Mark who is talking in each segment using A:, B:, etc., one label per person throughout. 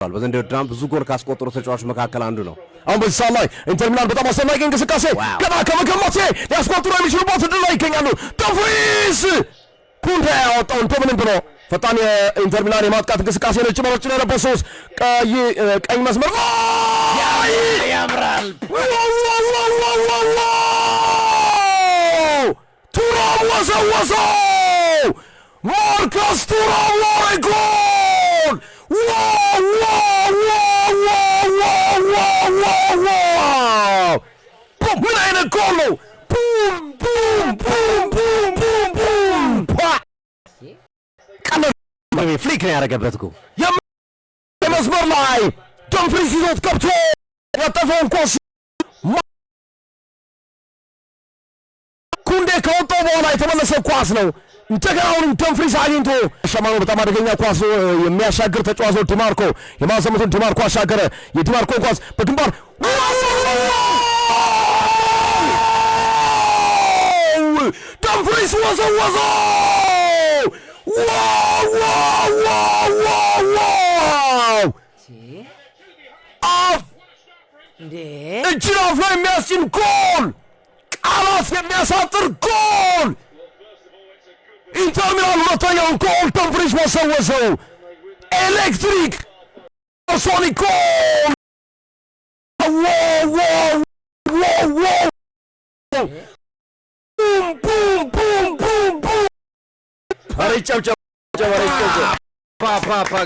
A: ተጠቅሷል። በዘንድሮ ድራም ብዙ ጎል ካስቆጠሩ ተጫዋች መካከል አንዱ ነው። አሁን በዚህ ሰዓት ላይ ኢንተር ሚላን በጣም አስደናቂ እንቅስቃሴ ገና ከመገማቴ ሊያስቆጥሩ የሚችሉበት እድል ላይ ይገኛሉ። ተፍሪስ ኩንዴ ያወጣው እንደምንም ብሎ ፈጣን የኢንተር ሚላን የማጥቃት እንቅስቃሴ ነጭ መሮች ነው ለበሶስ ቀይ ቀኝ መስመር
B: ያምራል። ቱራም ወሰወሰው ማርከስ ቱራም ዋሬ ጎል ፍሪክ ነው ያደረገበት ጎ የመስመር ላይ ደምፍሪስ ይዞት ገብቶ ወጠፈውን ኮስ ኩንዴ ከወጣው በኋላ የተመለሰ ኳስ ነው። እንደገና አሁንም ደምፍሪስ አግኝቶ ሸማኖ በጣም አደገኛ ኳስ የሚያሻግር ተጫዋቾ ዲማርኮ የማሰመቱን ዲማርኮ አሻገረ። የዲማርኮ ኳስ በግንባር ደምፍሪስ ወዘወዘው Uou, uou, uou, uou, uou! Sí. Auf! De? İçine Messi gol! Alaska Messi attır gol! Inter Milan Matanya tão Prisma Savaşı! Elektrik! Sonic gol! Wow, wow, wow, wow!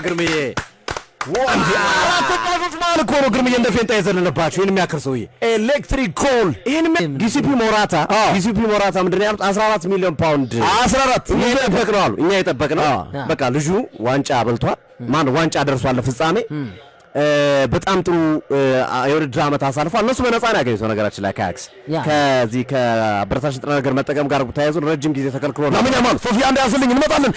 B: ግርምዬ አራት ነው። ግርምዬ እንደ ፌንጣ የዘለለባቸው ይህን የሚያክል ሰውዬ ኤሌክትሪክ ኮል ዲሲፒ ሞራታ ዲሲፒ ሞራታ ምንድን ነው ያሉት? 14 ሚሊዮን ፓውንድ 14 የጠበቅነው አሉ። እኛ የጠበቅነው በቃ ልጁ ዋንጫ በልቷል። ማን ዋንጫ ደርሷል ለፍጻሜ በጣም ጥሩ የውድድር ዓመት አሳልፏል። እነሱ በነፃ ነው ያገኙት። ነገራችን ላይ ከአያክስ ከዚህ ከአበረታሽ ንጥረ ነገር መጠቀም ጋር ተያይዞ ረጅም ጊዜ ተከልክሎ ነው። ምን ያማል ሶፊያ እንዳያስልኝ እንመጣለን።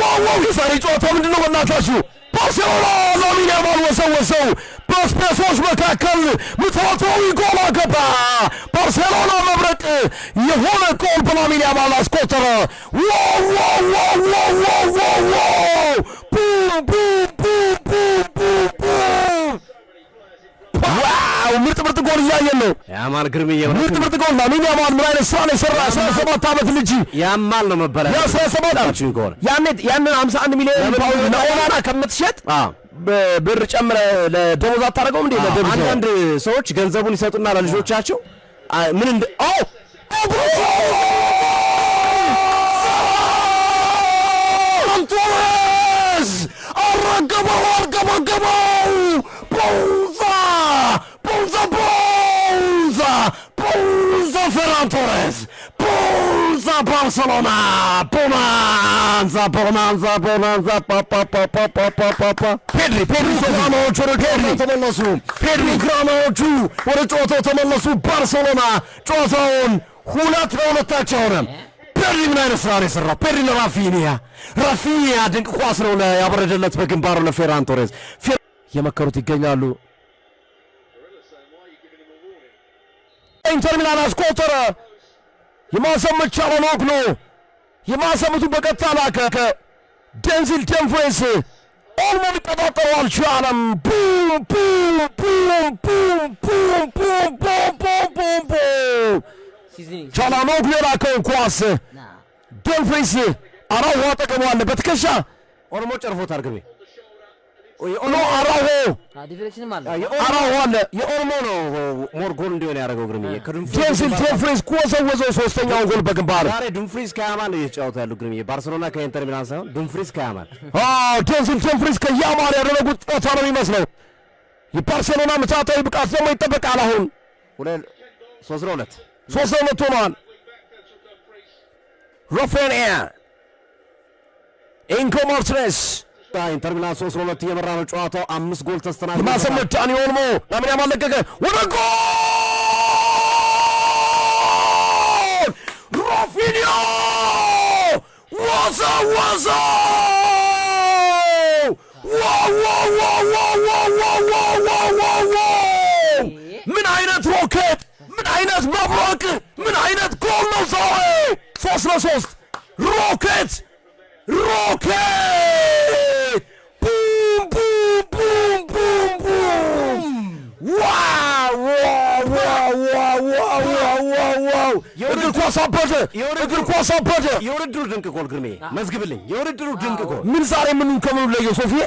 B: ዋው ሳሪ ጨዋታ ምንድን ነው? በእናታችሁ ባርሴሎና ላሚን ያማል ወሰው በሰዎች መካከል ምትሃታዊ ጎል አገባ። ባርሴሎና መብረቅ የሆነ ጎል በላሚን ያማል አስቆጠረ። ያማል ግርም ይወራል ምርጥ ጎል ነው። ምን ያማል ምን አይነት ስራ ነው የሰራ 17 ዓመት ልጅ ያማል ነው መበላ ያ17 ዓመት ጎል ያንን ያንን 51 ሚሊዮን ፓውንድ ለኦናና ከምትሸጥ ብር ጨምረ ለደሞዝ አታደርገውም እንዴ? ለደሞዝ አንዳንድ ሰዎች ገንዘቡን ይሰጡና ለልጆቻቸው ምን እንደ ኦ Ferran Torres. Bonza Barcelona. Bonanza, bonanza, bonanza. Pa, pa, pa, pa, pa, pa, pa, pa. ፔድሪ ፔድሪ ሶፋናዎች ወደ ጨዋታው ተመለሱ። ፔድሪ ግራማዎቹ ወደ ጨዋታው ተመለሱ። ባርሴሎና ጨዋታውን ሁለት ለሁለት ሆነ። ፔድሪ ምን አይነት ስራ ነው የሰራው? ፔድሪ ለራፊኒያ ራፊኒያ ድንቅ ኳስ ነው ያበረደለት በግንባሩ ለፌራን ቶሬዝ የመከሩት ይገኛሉ። ኢንተር ሚላን አስቆጠረ። የማሰመቻ ኦኖክሉ የማሰመቱ በቀጥታ ላከ። ደንዚል ደንፎይስ ኦልሞ ሊቆጣጠረው አልቻለም። ቡም ቡም ቡም ቡም ቡም ቡም ቡም ቡም ቡም ቡም ቻላኖግሉ የላከውን ኳስ ደንፎይስ አራዋ ጠቀመዋለ። በትከሻ ኦሮሞ ጨርፎታል ግቤ አራሆ አለ የኦሮሞ ነው። ሞር ጎል እንዲሆን ያደረገው ግርምዬ ጄምስን ጄፍሪስ ወዘወዘው ሶስተኛውን ጎል በግንባር ዛሬ ዱምፍሪስ ከያማል እየተጫወቱ ያሉ ግርምዬ ባርሴሎና ከኢንተር ሚላን ሳይሆን ዱምፍሪስ ከያማል ከያማል ያደረጉት ጨዋታ ነው የሚመስለው። የባርሴሎና ብቃት ደግሞ ይጠበቃል። አሁን ሶስት ለሁለት ሶስት ለሁለት ኢንኮ ማርትሬስ ኢንተር ሚላን ሶስት ለሁለት እየመራ ነው። ጨዋታው አምስት ጎል ተስተናግዶ ማሰሞች ዳኒ ኦልሞ ላምን ያማል ወደ ጎል ሮፊኒዮ ዋዛ ዋዛ ምን አይነት ሮኬት ምን አይነት መብረቅ ምን አይነት ጎል ሶስት ለሶስት ሮኬት ሮኬት ነው። እግር ኳስ አበደ፣ እግር ኳስ አበደ። የውድድሩ ድንቅ ጎል ግርሜ መዝግብልኝ። የውድድሩ ድንቅ ጎል ምን ዛሬ ምኑን ከምኑ ለየው ሶፊዬ